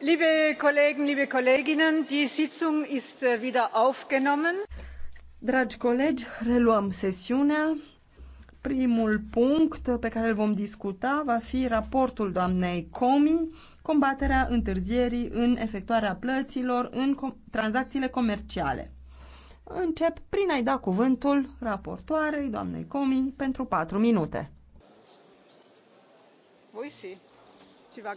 Liebe Kollegen, liebe Kolleginnen, die Sitzung ist äh, wieder aufgenommen. Dragi colegi, reluăm sesiunea. Primul punct pe care îl vom discuta va fi raportul doamnei Comi, combaterea întârzierii în efectuarea plăților în com tranzacțiile comerciale. Încep prin a-i da cuvântul raportoarei doamnei Comi pentru 4 minute. Wo ist sie? Sie war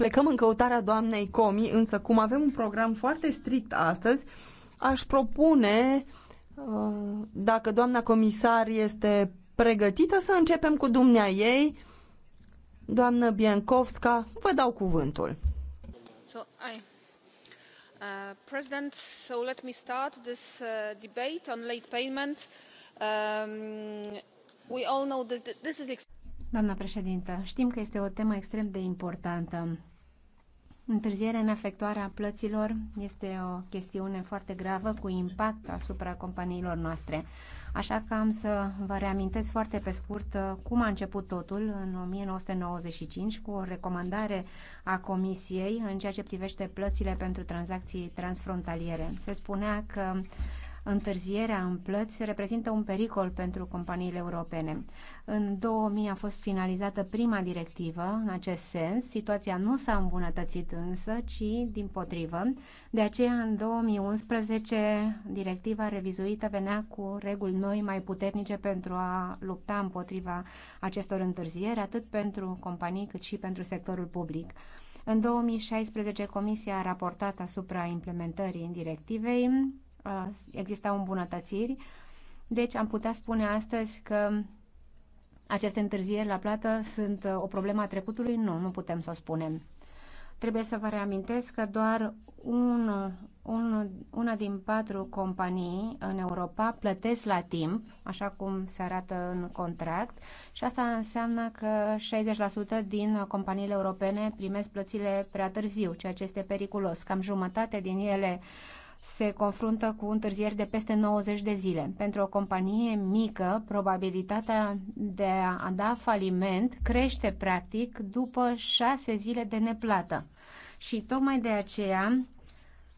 plecăm în căutarea doamnei Comi, însă cum avem un program foarte strict astăzi, aș propune, uh, dacă doamna comisar este pregătită, să începem cu dumnea ei. Doamnă Biancovska, vă dau cuvântul. So, I... Uh, President, so let me start this uh, debate on late payment. Um, we all know this, this is. Doamna președintă, știm că este o temă extrem de importantă Întârzierea în efectuarea plăților este o chestiune foarte gravă cu impact asupra companiilor noastre. Așa că am să vă reamintesc foarte pe scurt uh, cum a început totul în 1995 cu o recomandare a Comisiei în ceea ce privește plățile pentru tranzacții transfrontaliere. Se spunea că întârzierea în plăți reprezintă un pericol pentru companiile europene. În 2000 a fost finalizată prima directivă în acest sens. Situația nu s-a îmbunătățit însă, ci din potrivă. De aceea, în 2011, directiva revizuită venea cu reguli noi mai puternice pentru a lupta împotriva acestor întârzieri, atât pentru companii cât și pentru sectorul public. În 2016, Comisia a raportat asupra implementării directivei existau îmbunătățiri. Deci am putea spune astăzi că aceste întârzieri la plată sunt uh, o problemă a trecutului? Nu, nu putem să o spunem. Trebuie să vă reamintesc că doar un, un, una din patru companii în Europa plătesc la timp, așa cum se arată în contract, și asta înseamnă că 60% din companiile europene primesc plățile prea târziu, ceea ce este periculos. Cam jumătate din ele uh, se confruntă cu întârzieri de peste 90 de zile. Pentru o companie mică, probabilitatea de a da faliment crește practic după 6 zile de neplată. Și tocmai de aceea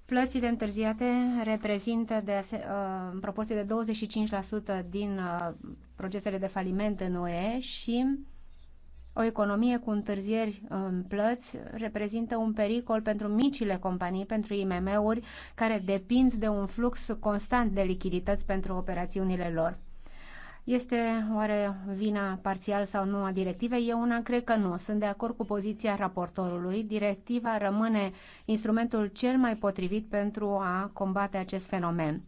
Plățile întârziate reprezintă de, uh, în proporție de 25% din uh, procesele de faliment în UE și o economie cu întârzieri în plăți reprezintă un pericol pentru micile companii, pentru IMM-uri, care depind de un flux constant de lichidități pentru operațiunile lor. Este oare vina parțial sau nu a directivei? Eu una cred că nu. Sunt de acord cu poziția raportorului. Directiva rămâne instrumentul cel mai potrivit pentru a combate acest fenomen.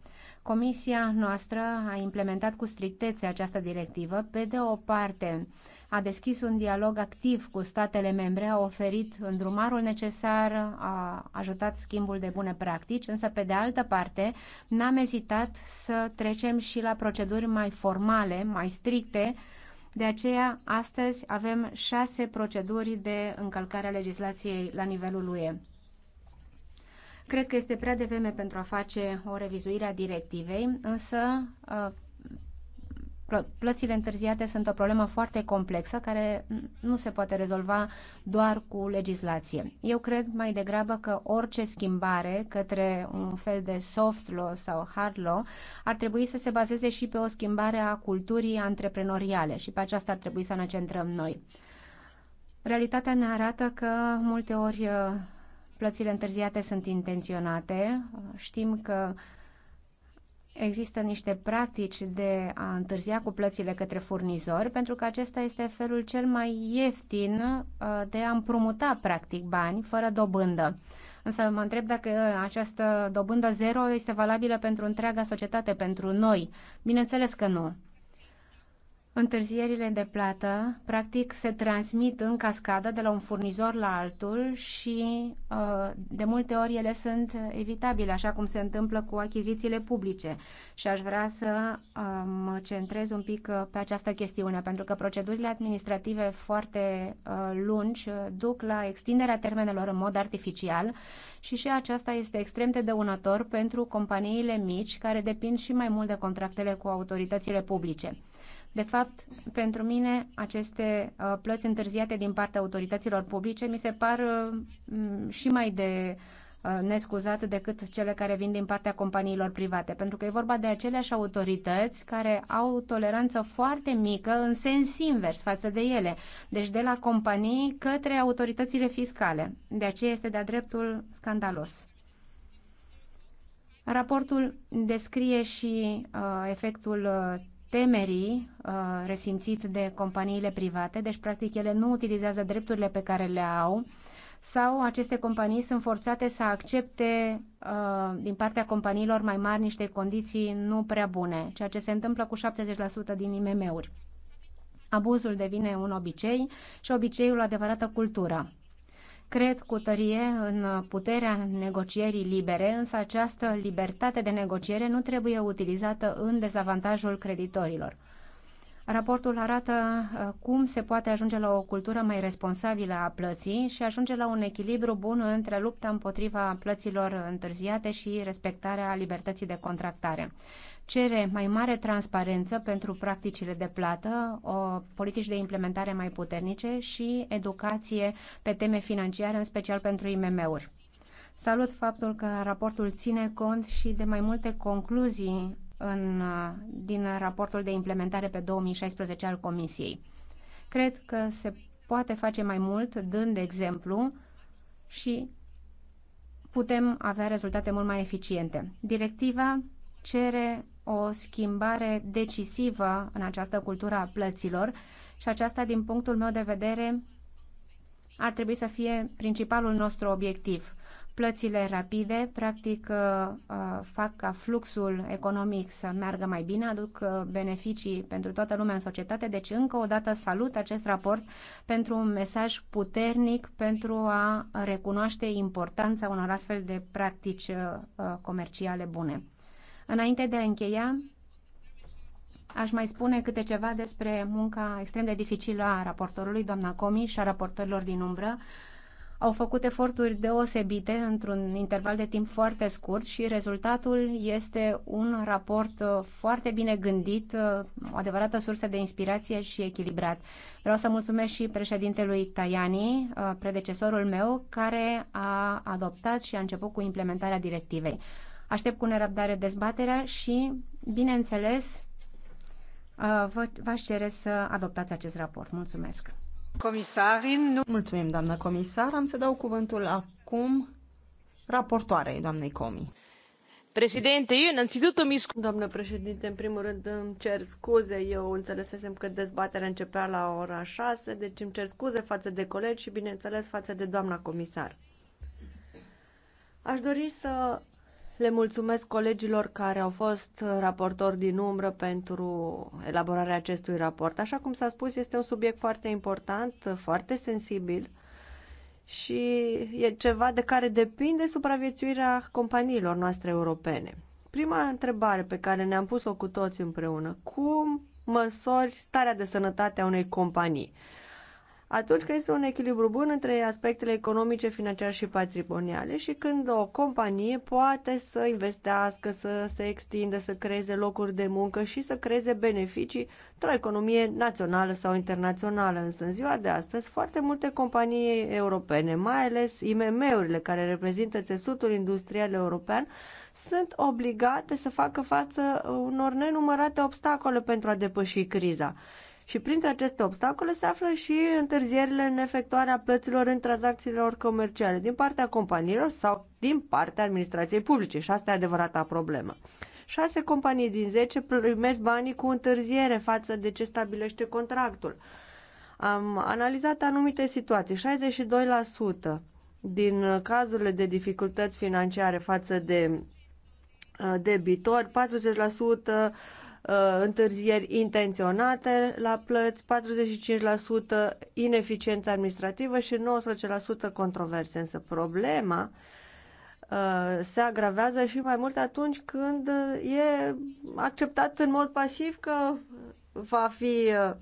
Comisia noastră a implementat cu strictețe această directivă. Pe de o parte, a deschis un dialog activ cu statele membre, a oferit îndrumarul necesar, a ajutat schimbul de bune practici, însă, pe de altă parte, n-am ezitat să trecem și la proceduri mai formale, mai stricte, de aceea, astăzi avem șase proceduri de încălcare a legislației la nivelul UE. Cred că este prea devreme pentru a face o revizuire a directivei, însă ă, plățile întârziate sunt o problemă foarte complexă care nu se poate rezolva doar cu legislație. Eu cred mai degrabă că orice schimbare către un fel de soft law sau hard law ar trebui să se bazeze și pe o schimbare a culturii antreprenoriale și pe aceasta ar trebui să ne centrăm noi. Realitatea ne arată că multe ori ă, plățile întârziate sunt intenționate. Știm că există niște practici de a întârzia cu plățile către furnizori, pentru că acesta este felul cel mai ieftin uh, de a împrumuta, practic, bani fără dobândă. Însă mă întreb dacă această dobândă zero este valabilă pentru întreaga societate, pentru noi. Bineînțeles că nu. Întârzierile de plată, practic, se transmit în cascadă de la un furnizor la altul și uh, de multe ori ele sunt evitabile, așa cum se întâmplă cu achizițiile publice. Și aș vrea să uh, mă centrez un pic uh, pe această chestiune, pentru că procedurile administrative foarte lungi duc la extinderea termenelor în mod artificial și și aceasta este extrem de dăunător pentru companiile mici care depind și mai mult de contractele cu autoritățile publice. De fapt, pentru mine, aceste uh, plăți întârziate din partea autorităților publice mi se par uh, și mai de uh, nescuzat decât cele care vin din partea companiilor private, pentru că e vorba de aceleași autorități care au o toleranță foarte mică în sens invers față de ele, deci de la companii către autoritățile fiscale. De aceea este de-a dreptul scandalos. Raportul descrie și uh, efectul uh, temerii uh, resimțiți de companiile private, deci practic ele nu utilizează drepturile pe care le au sau aceste companii sunt forțate să accepte uh, din partea companiilor mai mari niște condiții nu prea bune, ceea ce se întâmplă cu 70% din IMM-uri. Abuzul devine un obicei și obiceiul o adevărată cultură. Cred cu tărie în puterea negocierii libere, însă această libertate de negociere nu trebuie utilizată în dezavantajul creditorilor. Raportul arată uh, cum se poate ajunge la o cultură mai responsabilă a plății și ajunge la un echilibru bun între lupta împotriva plăților întârziate și respectarea libertății de contractare cere mai mare transparență pentru practicile de plată, o politici de implementare mai puternice și educație pe teme financiare, în special pentru IMM-uri. Salut faptul că raportul ține cont și de mai multe concluzii în, din raportul de implementare pe 2016 al Comisiei. Cred că se poate face mai mult dând de exemplu și putem avea rezultate mult mai eficiente. Directiva cere o schimbare decisivă în această cultură a plăților și aceasta, din punctul meu de vedere, ar trebui să fie principalul nostru obiectiv. Plățile rapide, practic, uh, uh, fac ca fluxul economic să meargă mai bine, aduc uh, beneficii pentru toată lumea în societate, deci încă o dată salut acest raport pentru un mesaj puternic pentru a recunoaște importanța unor astfel de practici comerciale bune. Înainte de a încheia, aș mai spune câte ceva despre munca extrem de dificilă a raportorului, doamna Comi, și a raportorilor din umbră. Au făcut eforturi deosebite într-un interval de timp foarte scurt și rezultatul este un raport uh, foarte bine gândit, uh, o adevărată sursă de inspirație și echilibrat. Vreau să mulțumesc și președintelui Tajani, uh, predecesorul meu, care a adoptat și a început cu implementarea directivei. Aștept cu nerăbdare dezbaterea și, bineînțeles, uh, v-aș cere să adoptați acest raport. Mulțumesc! Comisarin, nu... Mulțumim, doamnă comisar. Am să dau cuvântul acum raportoarei doamnei Comi. Președinte, eu înăițitut mi Doamnă președinte, în primul rând îmi cer scuze. Eu înțelesesem că dezbaterea începea la ora 6, deci îmi cer scuze față de colegi și, bineînțeles, față de doamna comisar. Aș dori să le mulțumesc colegilor care au fost raportori din umbră pentru elaborarea acestui raport. Așa cum s-a spus, este un subiect foarte important, foarte sensibil și e ceva de care depinde supraviețuirea companiilor noastre europene. Prima întrebare pe care ne-am pus-o cu toți împreună, cum măsori starea de sănătate a unei companii? atunci când este un echilibru bun între aspectele economice, financiare și patrimoniale și când o companie poate să investească, să se extindă, să creeze locuri de muncă și să creeze beneficii într-o economie națională sau internațională. Însă în ziua de astăzi, foarte multe companii europene, mai ales IMM-urile care reprezintă țesutul industrial european, sunt obligate să facă față unor nenumărate obstacole pentru a depăși criza. Și printre aceste obstacole se află și întârzierile în efectuarea plăților în tranzacțiilor comerciale din partea companiilor sau din partea administrației publice. Și asta e adevărata problemă. 6 companii din 10 primesc banii cu întârziere față de ce stabilește contractul. Am analizat anumite situații, 62% din cazurile de dificultăți financiare față de uh, debitori, 40% uh, întârzieri intenționate la plăți, 45% ineficiență administrativă și 19% controverse. Însă problema uh, se agravează și mai mult atunci când e acceptat în mod pasiv că va fi uh,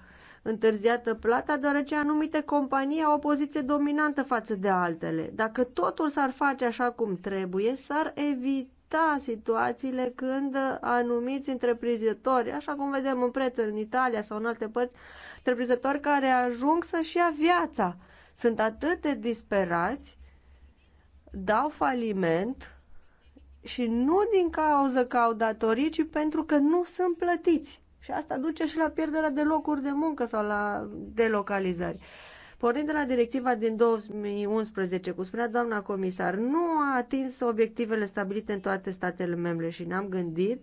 întârziată plata, deoarece anumite companii au o poziție dominantă față de altele. Dacă totul s-ar face așa cum trebuie, s-ar evita evita situațiile când anumiți întreprinzători, așa cum vedem în preț în Italia sau în alte părți, întreprinzători care ajung să-și ia viața. Sunt atât de disperați, dau faliment și nu din cauza că au datorii, ci pentru că nu sunt plătiți. Și asta duce și la pierderea de locuri de muncă sau la delocalizări. Pornind de la directiva din 2011, cum spunea doamna comisar, nu a atins obiectivele stabilite în toate statele membre și ne-am gândit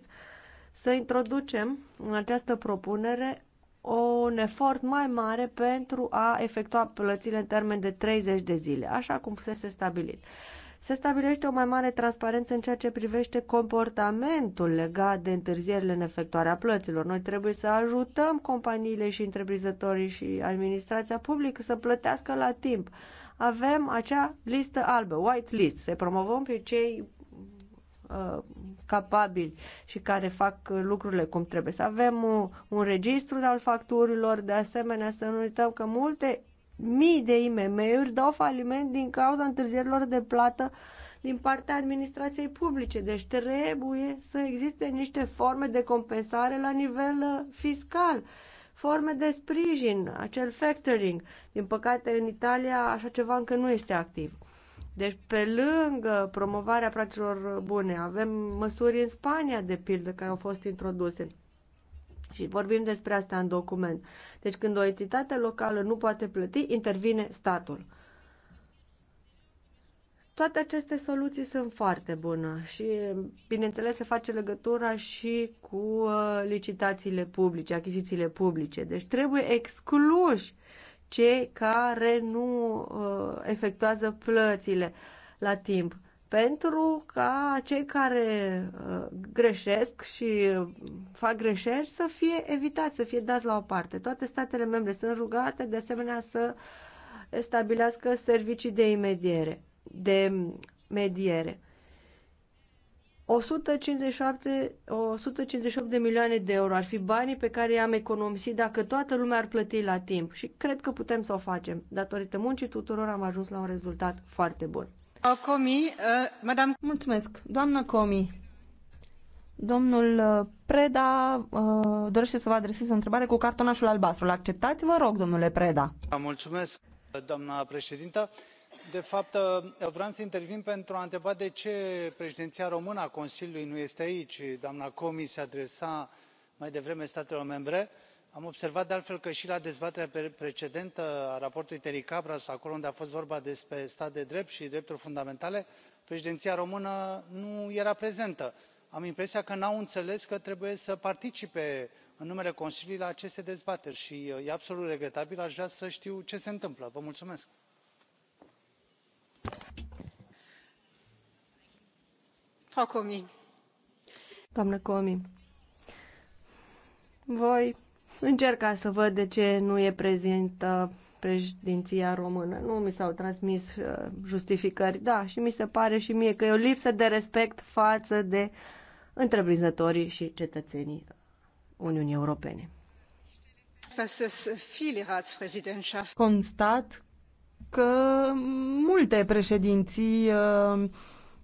să introducem în această propunere un efort mai mare pentru a efectua plățile în termen de 30 de zile, așa cum fusese stabilit. Se stabilește o mai mare transparență în ceea ce privește comportamentul legat de întârzierile în efectuarea plăților. Noi trebuie să ajutăm companiile și întreprinzătorii și administrația publică să plătească la timp. Avem acea listă albă, white list, să promovăm pe cei uh, capabili și care fac lucrurile cum trebuie. Să avem un, un registru al facturilor, de asemenea să nu uităm că multe mii de IMM-uri dau faliment din cauza întârzierilor de plată din partea administrației publice. Deci trebuie să existe niște forme de compensare la nivel uh, fiscal, forme de sprijin, acel factoring. Din păcate, în Italia așa ceva încă nu este activ. Deci, pe lângă promovarea practicilor bune, avem măsuri în Spania, de pildă, care au fost introduse. Și vorbim despre asta în document. Deci când o entitate locală nu poate plăti, intervine statul. Toate aceste soluții sunt foarte bune și, bineînțeles, se face legătura și cu uh, licitațiile publice, achizițiile publice. Deci trebuie excluși cei care nu uh, efectuează plățile la timp pentru ca cei care uh, greșesc și fac greșeli să fie evitați, să fie dați la o parte. Toate statele membre sunt rugate de asemenea să stabilească servicii de imediere, de mediere. 157, 158 de milioane de euro ar fi banii pe care i-am economisit dacă toată lumea ar plăti la timp și cred că putem să o facem. Datorită muncii tuturor am ajuns la un rezultat foarte bun. Uh, doamnă Comi, domnul uh, Preda uh, dorește să vă adreseze o întrebare cu cartonașul albastru. îl acceptați Vă rog, domnule Preda. Da, mulțumesc, doamnă președintă. De fapt, vreau să intervin pentru a întreba de ce președinția română a Consiliului nu este aici. Doamna Comi se adresa mai devreme statelor membre am observat de altfel că și la dezbaterea precedentă a raportului terry cabras acolo unde a fost vorba despre stat de drept și drepturi fundamentale președinția română nu era prezentă. am impresia că nu au înțeles că trebuie să participe în numele consiliului la aceste dezbateri și uh, e absolut regretabil aș vrea să știu ce se întâmplă. vă mulțumesc. doamnă comi voi Încerca să văd de ce nu e prezentă președinția română. Nu mi s-au transmis uh, justificări, da, și mi se pare și mie că e o lipsă de respect față de întreprinzătorii și cetățenii Uniunii Europene. Constat că multe președinții uh,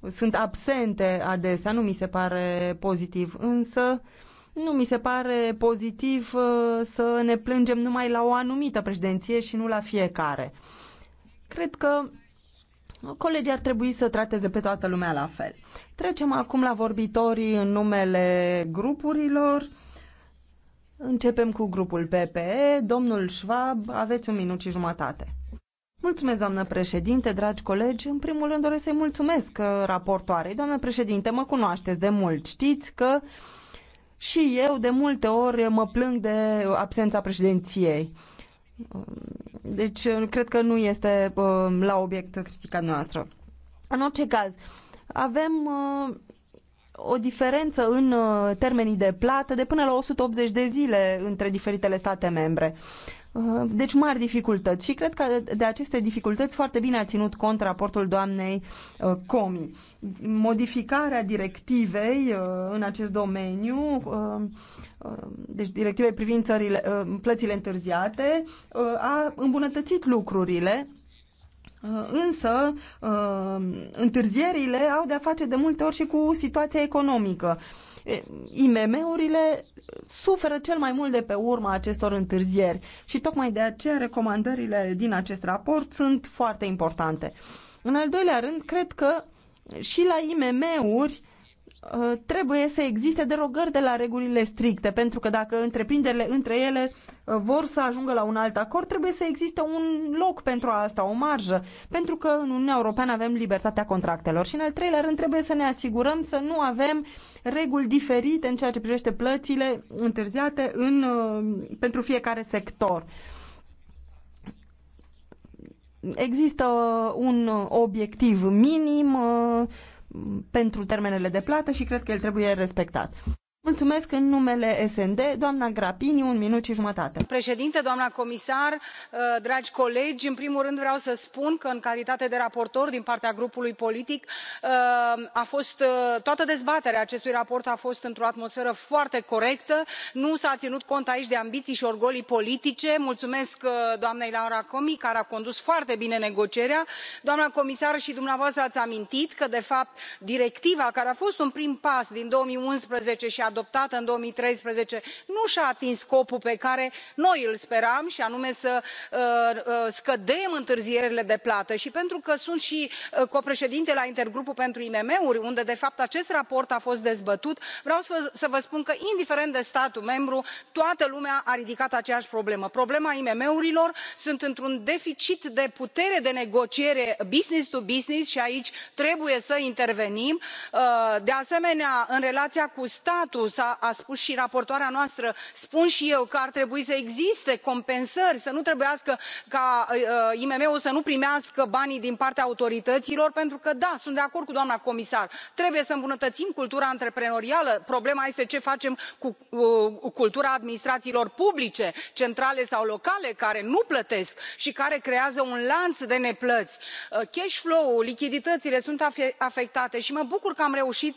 sunt absente adesea, nu mi se pare pozitiv, însă uh, nu mi se pare pozitiv uh, să ne plângem numai la o anumită președinție și nu la fiecare. Cred că colegii ar trebui să trateze pe toată lumea la fel. Trecem acum la vorbitorii în numele grupurilor. Începem cu grupul PPE. Domnul Schwab, aveți un minut și jumătate. Mulțumesc, doamnă președinte, dragi colegi. În primul rând doresc să-i mulțumesc uh, raportoarei. Doamnă președinte, mă cunoașteți de mult. Știți că uh, și eu de multe ori mă plâng de absența președinției. Deci cred că nu este um, la obiect critica noastră. În orice caz, avem uh, o diferență în uh, termenii de plată de până la 180 de zile între diferitele state membre. Uh, deci mari dificultăți și cred că de aceste dificultăți foarte bine a ținut cont raportul doamnei uh, Comi. Modificarea directivei uh, în acest domeniu, deci directivei privind țările, plățile întârziate, a îmbunătățit lucrurile Însă, întârzierile au de-a face de multe ori și cu situația economică. IMM-urile suferă cel mai mult de pe urma acestor întârzieri și tocmai de aceea recomandările din acest raport sunt foarte importante. În al doilea rând, cred că și la IMM-uri Uh, trebuie să existe derogări de la regulile stricte, pentru că dacă întreprinderile între ele uh, vor să ajungă la un alt acord, trebuie să existe un loc pentru asta, o marjă, pentru că în Uniunea Europeană avem libertatea contractelor. Și în al treilea rând trebuie să ne asigurăm să nu avem reguli diferite în ceea ce privește plățile întârziate în, uh, pentru fiecare sector există un obiectiv minim pentru termenele de plată și cred că el trebuie respectat. Mulțumesc în numele SND, doamna Grapini, un minut și jumătate. Președinte, doamna comisar, uh, dragi colegi, în primul rând vreau să spun că în calitate de raportor din partea grupului politic uh, a fost uh, toată dezbaterea acestui raport a fost într-o atmosferă foarte corectă, nu s-a ținut cont aici de ambiții și orgolii politice. Mulțumesc doamnei Laura Comi, care a condus foarte bine negocierea. Doamna comisar și dumneavoastră ați amintit că de fapt directiva care a fost un prim pas din 2011 și a adoptată în două mii treisprezece nu și a atins scopul pe care noi îl speram și anume să uh, uh, scădem întârzierile de plată și pentru că sunt și uh, copreședinte la intergrupul pentru imm uri unde de fapt acest raport a fost dezbătut vreau să vă spun că indiferent de statul membru toată lumea a ridicat aceeași problemă problema imm urilor sunt într un deficit de putere de negociere business to business și aici trebuie să intervenim de asemenea în relația cu statul a spus și raportoarea noastră spun și eu că ar trebui să existe compensări să nu trebuiască ca uh, imm ul să nu primească banii din partea autorităților pentru că da sunt de acord cu doamna comisar trebuie să îmbunătățim cultura antreprenorială problema este ce facem cu uh, cultura administrațiilor publice centrale sau locale care nu plătesc și care creează un lanț de neplăți. Uh, cash flow ul lichiditățile sunt afectate și mă bucur că am reușit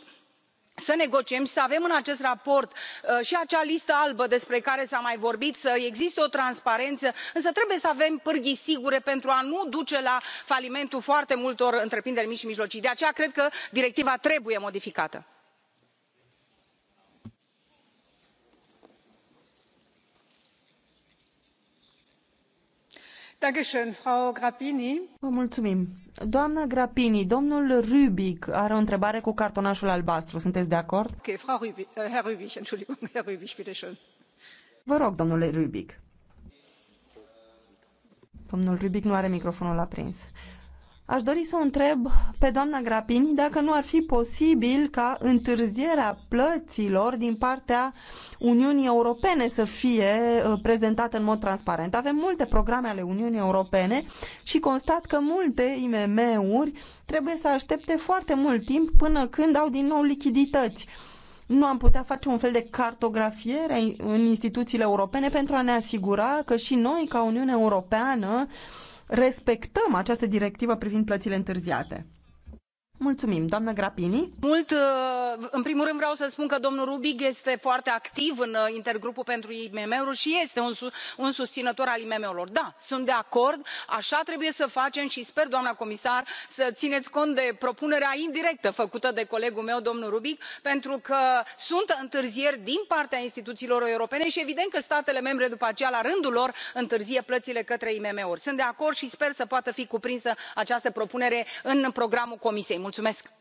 să negociem și să avem în acest raport uh, și acea listă albă despre care s a mai vorbit să existe o transparență însă trebuie să avem pârghii sigure pentru a nu duce la falimentul foarte multor întreprinderi mici și mijlocii de aceea cred că directiva trebuie modificată. Vă mulțumim. Doamna Grapini, domnul Rubic are o întrebare cu cartonașul albastru. Sunteți de acord? Okay, Frau Rübig, äh, Herr Rübig, Entschuldigung, Herr Rübig, bitte schön. Vă rog, domnule Rubic. Domnul Rubic nu are microfonul aprins. Aș dori să o întreb pe doamna Grapini dacă nu ar fi posibil ca întârzierea plăților din partea Uniunii Europene să fie uh, prezentată în mod transparent. Avem multe programe ale Uniunii Europene și constat că multe IMM-uri trebuie să aștepte foarte mult timp până când au din nou lichidități nu am putea face un fel de cartografiere în instituțiile europene pentru a ne asigura că și noi, ca Uniune Europeană, respectăm această directivă privind plățile întârziate. Mulțumim, doamnă Grapini. Mult, uh, în primul rând vreau să spun că domnul Rubig este foarte activ în uh, intergrupul pentru IMM-uri și este un, un susținător al IMM-urilor. Da, sunt de acord, așa trebuie să facem și sper, doamna comisar, să țineți cont de propunerea indirectă făcută de colegul meu, domnul Rubic, pentru că sunt întârzieri din partea instituțiilor europene și evident că statele membre după aceea, la rândul lor, întârzie plățile către IMM-uri. Sunt de acord și sper să poată fi cuprinsă această propunere în programul Comisiei mulțumesc.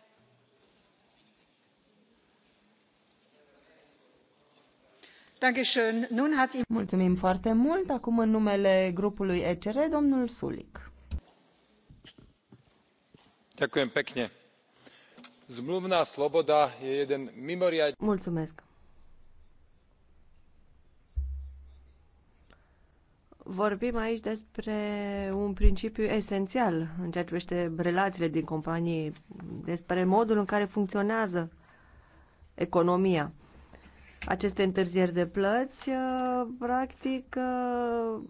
Mulțumim foarte mult. Acum, în numele grupului ECR, domnul Sulik. Mulțumesc. Vorbim aici despre un principiu esențial în ceea ce privește relațiile din companie, despre modul în care funcționează economia. Aceste întârzieri de plăți, uh, practic, uh,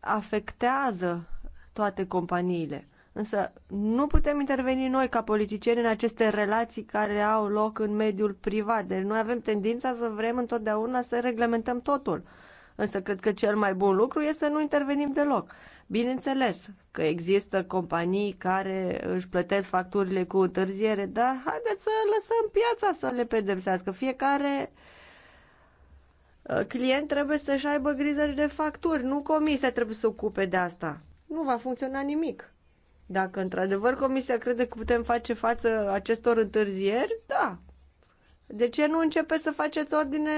afectează toate companiile. Însă nu putem interveni noi ca politicieni în aceste relații care au loc în mediul privat. Deci noi avem tendința să vrem întotdeauna să reglementăm totul. Însă cred că cel mai bun lucru este să nu intervenim deloc. Bineînțeles că există companii care își plătesc facturile cu întârziere, dar haideți să lăsăm piața să le pedepsească. Fiecare uh, client trebuie să-și aibă grijă de facturi, nu comisia trebuie să ocupe de asta. Nu va funcționa nimic. Dacă într-adevăr comisia crede că putem face față acestor întârzieri, da, de ce nu începeți să faceți ordine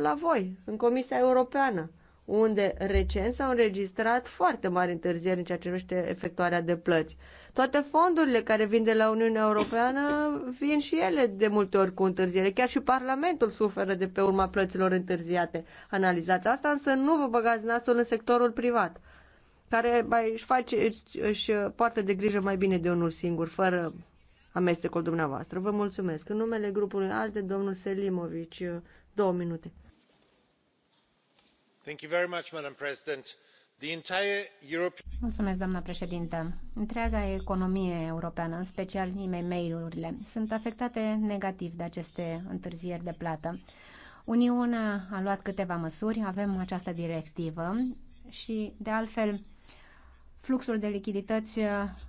la voi, în Comisia Europeană, unde recent s-au înregistrat foarte mari întârzieri în ceea ce privește efectuarea de plăți? Toate fondurile care vin de la Uniunea Europeană vin și ele de multe ori cu întârziere. Chiar și Parlamentul suferă de pe urma plăților întârziate. Analizați asta, însă nu vă băgați nasul în sectorul privat care mai își, face, își, își poartă de grijă mai bine de unul singur, fără amestecul dumneavoastră. Vă mulțumesc. În numele grupului alte, domnul Selimovici, două minute. Thank you very much, Madam President. Europe... Mulțumesc, doamna președintă. Întreaga economie europeană, în special mail urile sunt afectate negativ de aceste întârzieri de plată. Uniunea a luat câteva măsuri, avem această directivă și, de altfel, fluxul de lichidități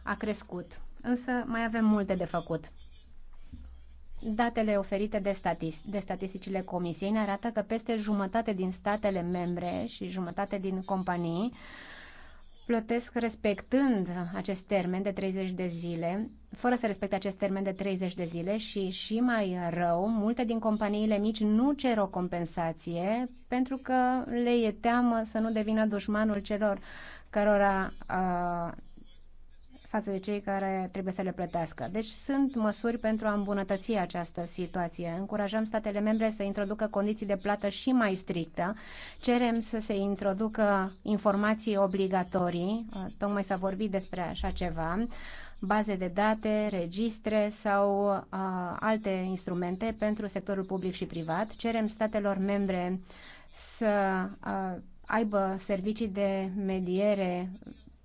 a crescut însă mai avem multe de făcut. Datele oferite de, statist- de statisticile Comisiei ne arată că peste jumătate din statele membre și jumătate din companii plătesc respectând acest termen de 30 de zile, fără să respecte acest termen de 30 de zile și și mai rău, multe din companiile mici nu cer o compensație pentru că le e teamă să nu devină dușmanul celor cărora uh, față de cei care trebuie să le plătească. Deci sunt măsuri pentru a îmbunătăți această situație. Încurajăm statele membre să introducă condiții de plată și mai strictă. Cerem să se introducă informații obligatorii. Tocmai s-a vorbit despre așa ceva baze de date, registre sau uh, alte instrumente pentru sectorul public și privat. Cerem statelor membre să uh, aibă servicii de mediere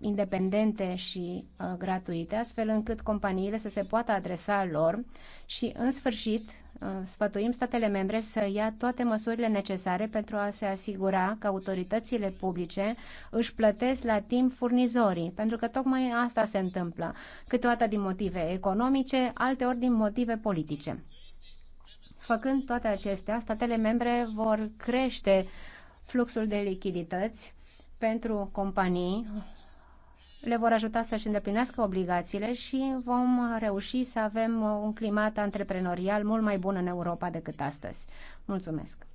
independente și uh, gratuite, astfel încât companiile să se poată adresa lor și, în sfârșit, uh, sfătuim statele membre să ia toate măsurile necesare pentru a se asigura că autoritățile publice își plătesc la timp furnizorii, pentru că tocmai asta se întâmplă, câteodată din motive economice, alteori din motive politice. Făcând toate acestea, statele membre vor crește fluxul de lichidități pentru companii le vor ajuta să-și îndeplinească obligațiile și vom reuși să avem un climat antreprenorial mult mai bun în Europa decât astăzi. Mulțumesc!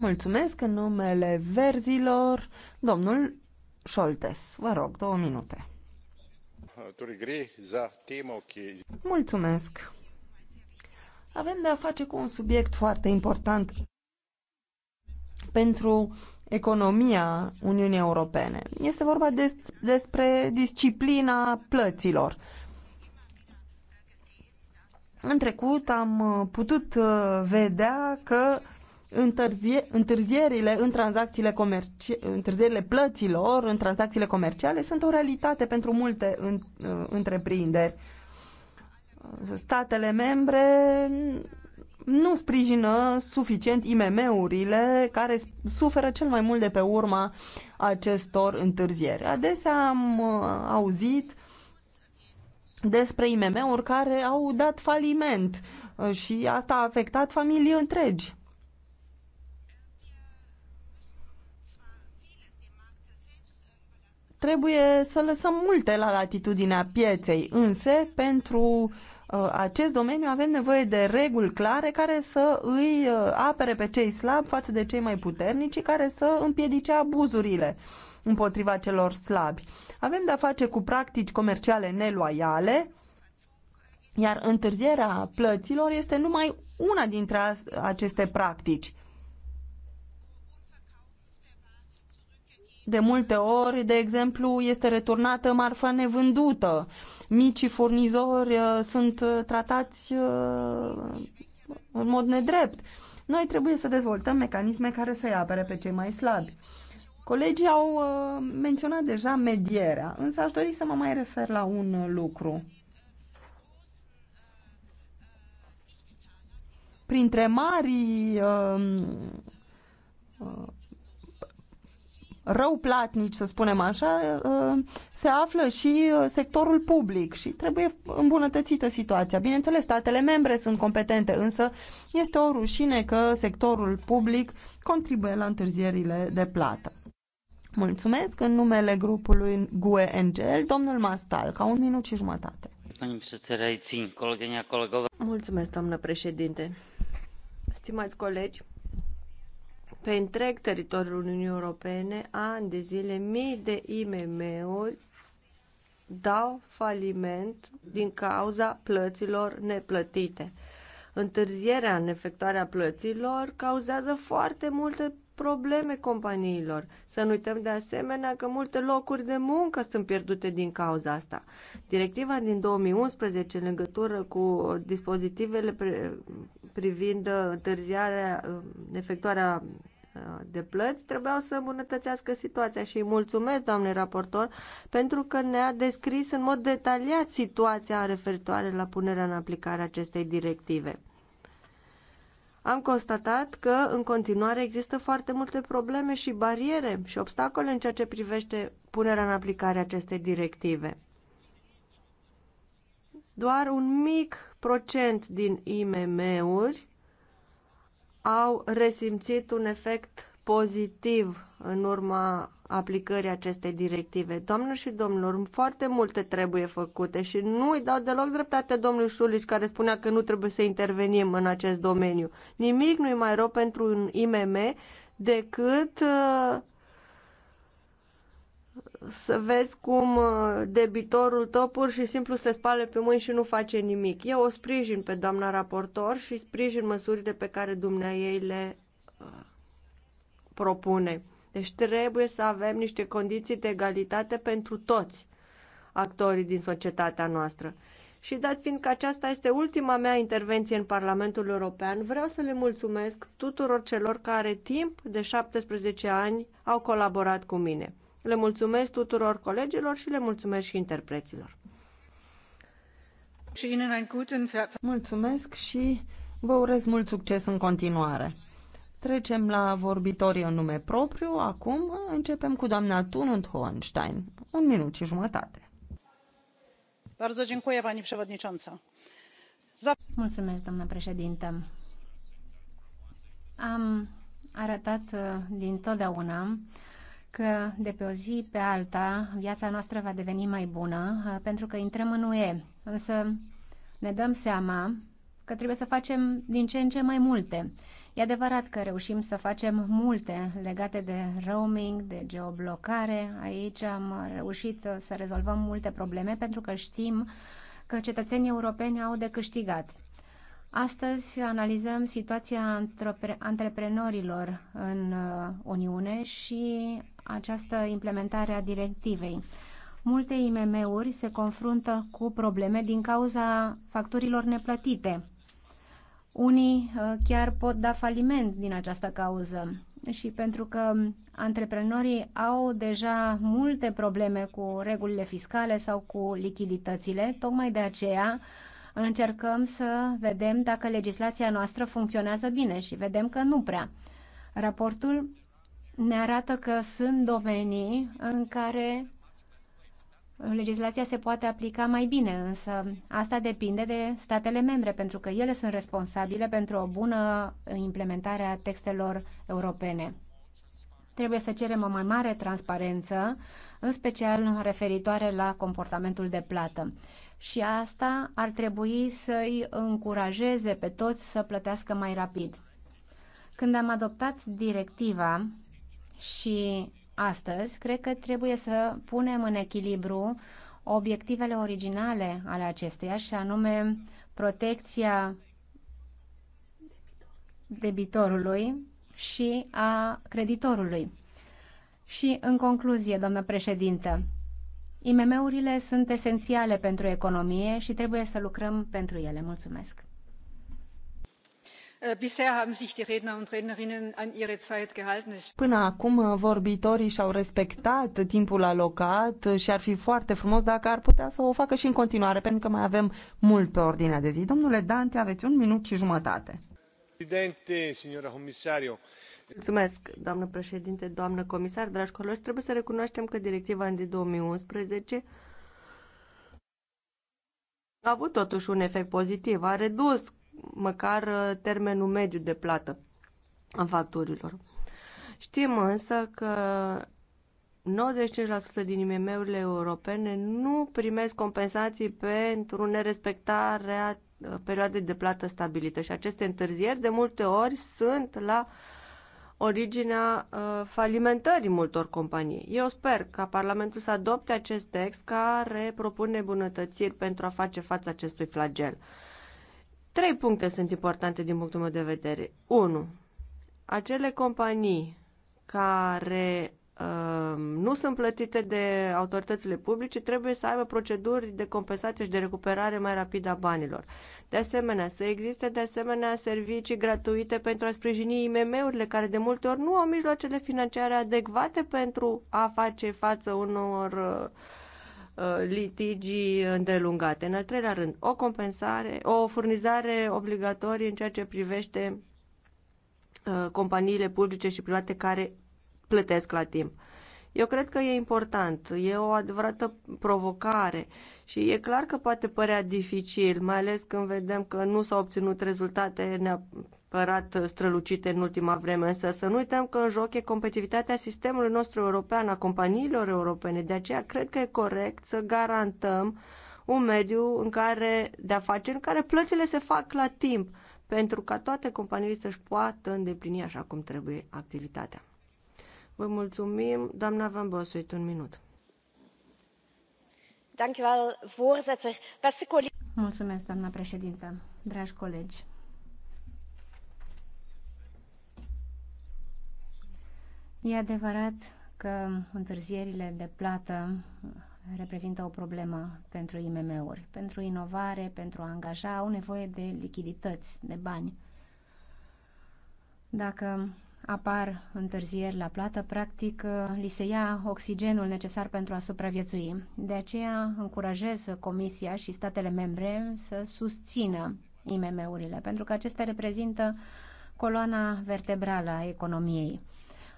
Mulțumesc în numele verzilor, domnul Scholtes. Vă rog, două minute. Mulțumesc. Avem de a face cu un subiect foarte important pentru economia Uniunii Europene. Este vorba de, despre disciplina plăților. În trecut am uh, putut uh, vedea că întârzie, întârzierile în tranzacțiile comerci, întârzierile plăților în tranzacțiile comerciale sunt o realitate pentru multe uh, întreprinderi. Statele membre nu sprijină suficient IMM-urile care suferă cel mai mult de pe urma acestor întârzieri. Adesea am uh, auzit despre IMM-uri care au dat faliment uh, și asta a afectat familii întregi. Trebuie să lăsăm multe la latitudinea pieței, însă pentru uh, acest domeniu avem nevoie de reguli clare care să îi uh, apere pe cei slabi față de cei mai puternici și care să împiedice abuzurile împotriva celor slabi. Avem de-a face cu practici comerciale neloiale, iar întârzierea plăților este numai una dintre aceste practici. De multe ori, de exemplu, este returnată marfa nevândută. Micii furnizori uh, sunt uh, tratați uh, în mod nedrept. Noi trebuie să dezvoltăm mecanisme care să-i apere pe cei mai slabi. Colegii au menționat deja medierea, însă aș dori să mă mai refer la un lucru. Printre marii uh, uh, platnici, să spunem așa, uh, se află și uh, sectorul public și trebuie îmbunătățită situația. Bineînțeles, statele membre sunt competente, însă este o rușine că sectorul public contribuie la întârzierile de plată. Mulțumesc în numele grupului GUE NGL, domnul Mastal, ca un minut și jumătate. Mulțumesc, doamnă președinte. Stimați colegi, pe întreg teritoriul Uniunii Europene, ani de zile, mii de IMM-uri dau faliment din cauza plăților neplătite. Întârzierea în efectuarea plăților cauzează foarte multe probleme companiilor. Să nu uităm de asemenea că multe locuri de muncă sunt pierdute din cauza asta. Directiva din 2011 în legătură cu dispozitivele privind întârziarea, efectuarea de plăți trebuiau să îmbunătățească situația și îi mulțumesc, doamne raportor, pentru că ne-a descris în mod detaliat situația referitoare la punerea în aplicare acestei directive. Am constatat că în continuare există foarte multe probleme și bariere și obstacole în ceea ce privește punerea în aplicare acestei directive. Doar un mic procent din IMM-uri au resimțit un efect pozitiv în urma aplicării acestei directive. Doamnelor și domnilor, foarte multe trebuie făcute și nu îi dau deloc dreptate domnului Șulici care spunea că nu trebuie să intervenim în acest domeniu. Nimic nu i mai rău pentru un IMM decât uh, să vezi cum uh, debitorul tău pur și simplu se spală pe mâini și nu face nimic. Eu o sprijin pe doamna raportor și sprijin măsurile pe care dumnea ei le uh, propune. Deci trebuie să avem niște condiții de egalitate pentru toți actorii din societatea noastră. Și dat fiind că aceasta este ultima mea intervenție în Parlamentul European, vreau să le mulțumesc tuturor celor care timp de 17 ani au colaborat cu mine. Le mulțumesc tuturor colegilor și le mulțumesc și interpreților. Mulțumesc și vă urez mult succes în continuare. Trecem la vorbitorii în nume propriu. Acum începem cu doamna Tunund Hohenstein. Un minut și jumătate. Mulțumesc, doamnă președintă. Am arătat uh, din totdeauna că de pe o zi pe alta viața noastră va deveni mai bună uh, pentru că intrăm în UE. Însă ne dăm seama că trebuie să facem din ce în ce mai multe. E adevărat că reușim să facem multe legate de roaming, de geoblocare. Aici am reușit uh, să rezolvăm multe probleme pentru că știm că cetățenii europeni au de câștigat. Astăzi analizăm situația antreprenorilor în uh, Uniune și această implementare a directivei. Multe IMM-uri se confruntă cu probleme din cauza facturilor neplătite. Unii uh, chiar pot da faliment din această cauză și pentru că antreprenorii au deja multe probleme cu regulile fiscale sau cu lichiditățile, tocmai de aceea Încercăm să vedem dacă legislația noastră funcționează bine și vedem că nu prea. Raportul ne arată că sunt domenii în care legislația se poate aplica mai bine, însă asta depinde de statele membre, pentru că ele sunt responsabile pentru o bună implementare a textelor europene. Trebuie să cerem o mai mare transparență, în special referitoare la comportamentul de plată și asta ar trebui să-i încurajeze pe toți să plătească mai rapid. Când am adoptat directiva și astăzi, cred că trebuie să punem în echilibru obiectivele originale ale acesteia și anume protecția debitorului și a creditorului. Și în concluzie, doamnă președintă, IMM-urile sunt esențiale pentru economie și trebuie să lucrăm pentru ele. Mulțumesc! Äh, Până acum uh, vorbitorii și-au respectat timpul alocat uh, și ar fi foarte frumos dacă ar putea să o facă și în continuare, pentru că mai avem mult pe ordinea de zi. Domnule Dante, aveți un minut și jumătate. Presidente, signora comisario, Mulțumesc, doamnă președinte, doamnă comisar, dragi colegi. Trebuie să recunoaștem că directiva din 2011 a avut totuși un efect pozitiv. A redus măcar uh, termenul mediu de plată a facturilor. Știm însă că 95% din IMM-urile europene nu primesc compensații pentru nerespectarea uh, perioadei de plată stabilită și aceste întârzieri de multe ori sunt la uh, originea uh, falimentării multor companii. Eu sper ca Parlamentul să adopte acest text care propune bunătățiri pentru a face față acestui flagel. Trei puncte sunt importante din punctul meu de vedere. 1. Acele companii care Uh, nu sunt plătite de autoritățile publice, trebuie să aibă proceduri de compensație și de recuperare mai rapidă a banilor. De asemenea, să existe de asemenea servicii gratuite pentru a sprijini IMM-urile care de multe ori nu au mijloacele financiare adecvate pentru a face față unor litigi uh, uh, litigii îndelungate. În al treilea rând, o compensare, o furnizare obligatorie în ceea ce privește companiile publice și private care plătesc la timp. Eu cred că e important, e o adevărată provocare și e clar că poate părea dificil, mai ales când vedem că nu s-au obținut rezultate neapărat strălucite în ultima vreme, însă să nu uităm că în joc e competitivitatea sistemului nostru european, a companiilor europene, de aceea cred că e corect să garantăm un mediu în care de afaceri în care plățile se fac la timp pentru ca toate companiile să-și poată îndeplini așa cum trebuie activitatea. Vă mulțumim. Doamna Van Bosuit, un minut. Mulțumesc, doamna președintă. Dragi colegi, E adevărat că întârzierile de plată reprezintă o problemă pentru IMM-uri. Pentru inovare, pentru a angaja, au nevoie de lichidități, de bani. Dacă apar întârzieri la plată, practic li se ia oxigenul necesar pentru a supraviețui. De aceea încurajez Comisia și statele membre să susțină IMM-urile, pentru că acestea reprezintă coloana vertebrală a economiei.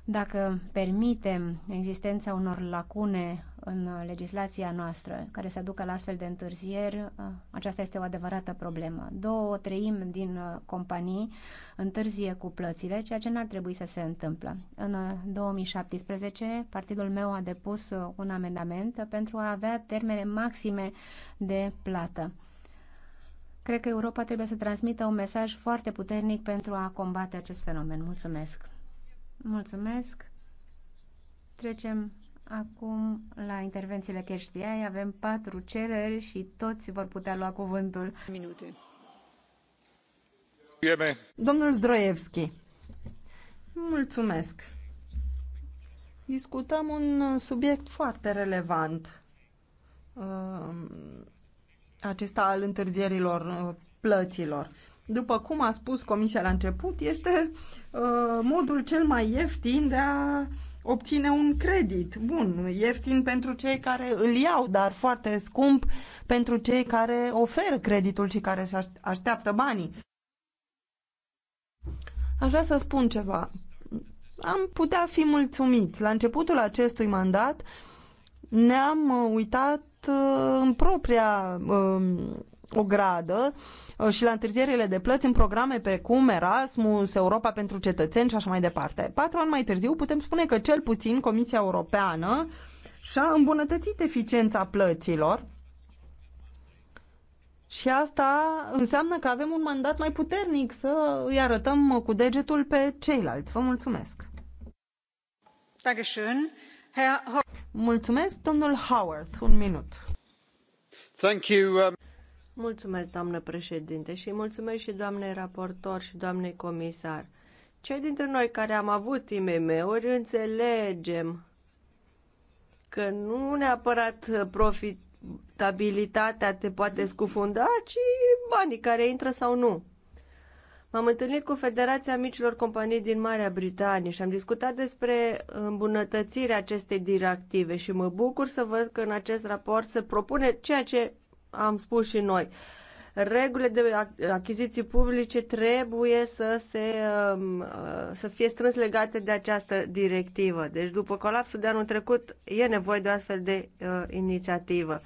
Dacă permitem existența unor lacune în legislația noastră care să ducă la astfel de întârzieri, aceasta este o adevărată problemă. Două treimi din companii întârzie cu plățile, ceea ce n-ar trebui să se întâmplă. În 2017, partidul meu a depus un amendament pentru a avea termene maxime de plată. Cred că Europa trebuie să transmită un mesaj foarte puternic pentru a combate acest fenomen. Mulțumesc! Mulțumesc. Trecem acum la intervențiile cheștiai. Avem patru cereri și toți vor putea lua cuvântul. Minute. Domnul Zdroievski. Mulțumesc. Discutăm un subiect foarte relevant. Uh, acesta al întârzierilor uh, plăților după cum a spus Comisia la început, este uh, modul cel mai ieftin de a obține un credit. Bun, ieftin pentru cei care îl iau, dar foarte scump pentru cei care oferă creditul și care își așteaptă banii. Aș vrea să spun ceva. Am putea fi mulțumiți. La începutul acestui mandat ne-am uh, uitat uh, în propria uh, o gradă uh, și la întârzierile de plăți în programe precum Erasmus, Europa pentru cetățeni și așa mai departe. Patru ani mai târziu putem spune că cel puțin Comisia Europeană și-a îmbunătățit eficiența plăților și asta înseamnă că avem un mandat mai puternic să îi arătăm cu degetul pe ceilalți. Vă mulțumesc! Mulțumesc, domnul Howarth, un minut. Thank you, um... Mulțumesc, doamnă președinte, și mulțumesc și doamnei raportor și doamnei comisar. Cei dintre noi care am avut IMM-uri înțelegem că nu neapărat profitabilitatea te poate scufunda, ci banii care intră sau nu. M-am întâlnit cu Federația Micilor Companii din Marea Britanie și am discutat despre îmbunătățirea acestei directive și mă bucur să văd că în acest raport se propune ceea ce am spus și noi. Regulile de achiziții publice trebuie să, se, um, uh, să fie strâns legate de această directivă. Deci, după colapsul de anul trecut, e nevoie de o astfel de uh, inițiativă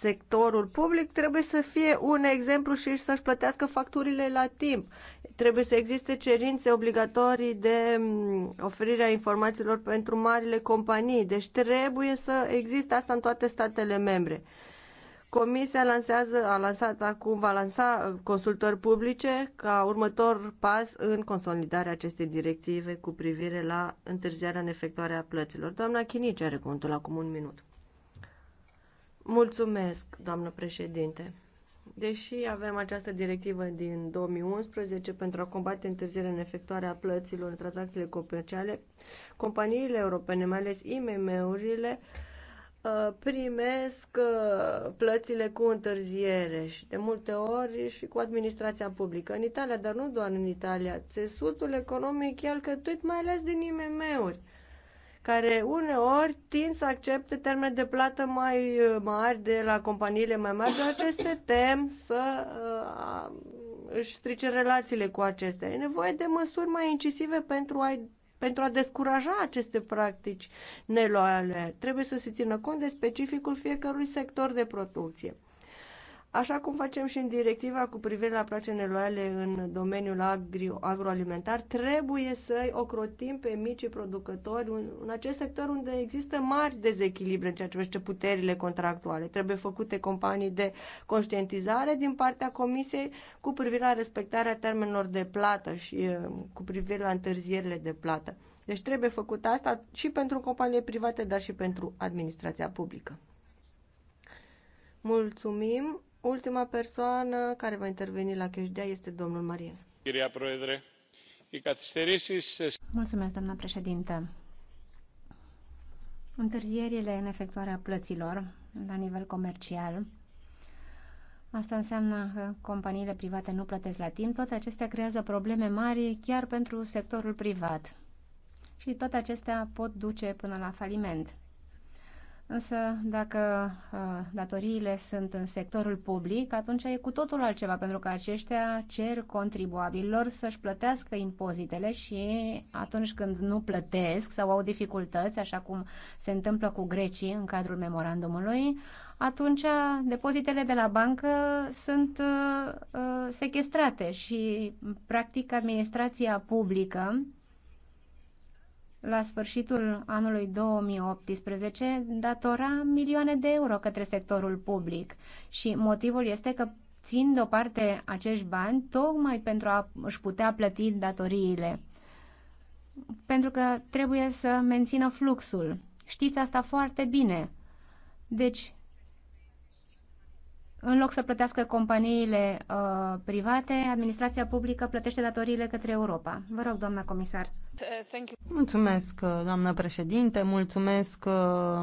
sectorul public trebuie să fie un exemplu și să-și plătească facturile la timp. Trebuie să existe cerințe obligatorii de um, oferirea informațiilor pentru marile companii. Deci trebuie să existe asta în toate statele membre. Comisia lansează, a lansat acum, va lansa uh, consultări publice ca următor pas în consolidarea acestei directive cu privire la întârziarea în efectuarea plăților. Doamna Chinici are cuvântul acum un minut. Mulțumesc, doamnă președinte. Deși avem această directivă din 2011 pentru a combate întârzierea în efectuarea plăților în tranzacțiile comerciale, companiile europene, mai ales IMM-urile, Uh, primesc uh, plățile cu întârziere și de multe ori și cu administrația publică în Italia, dar nu doar în Italia. Țesutul economic e alcătuit mai ales din IMM-uri care uneori tind să accepte termene de plată mai uh, mari de la companiile mai mari, dar aceste tem să uh, își strice relațiile cu acestea. E nevoie de măsuri mai incisive pentru a-i pentru a descuraja aceste practici neloiale. Trebuie să se țină cont de specificul fiecărui sector de producție așa cum facem și în directiva cu privire la place neloiale în domeniul agri- agroalimentar, trebuie să-i ocrotim pe micii producători în, în acest sector unde există mari dezechilibre în ceea ce privește puterile contractuale. Trebuie făcute companii de conștientizare din partea Comisiei cu privire la respectarea termenilor de plată și eh, cu privire la întârzierile de plată. Deci trebuie făcut asta și pentru companiile private, dar și pentru administrația publică. Mulțumim! Ultima persoană care va interveni la Cheșdea este domnul Marias. Mulțumesc, doamna președintă. Întârzierile în efectuarea plăților la nivel comercial Asta înseamnă că companiile private nu plătesc la timp. Toate acestea creează probleme mari chiar pentru sectorul privat. Și toate acestea pot duce până la faliment. Însă, dacă uh, datoriile sunt în sectorul public, atunci e cu totul altceva, pentru că aceștia cer contribuabililor să-și plătească impozitele și atunci când nu plătesc sau au dificultăți, așa cum se întâmplă cu grecii în cadrul memorandumului, atunci depozitele de la bancă sunt uh, uh sequestrate și, practic, administrația publică la sfârșitul anului 2018 datora milioane de euro către sectorul public și motivul este că țin deoparte acești bani tocmai pentru a își putea plăti datoriile. Pentru că trebuie să mențină fluxul. Știți asta foarte bine. Deci, în loc să plătească companiile uh, private, administrația publică plătește datoriile către Europa. Vă rog, doamna comisar. Mulțumesc, doamnă președinte, mulțumesc uh,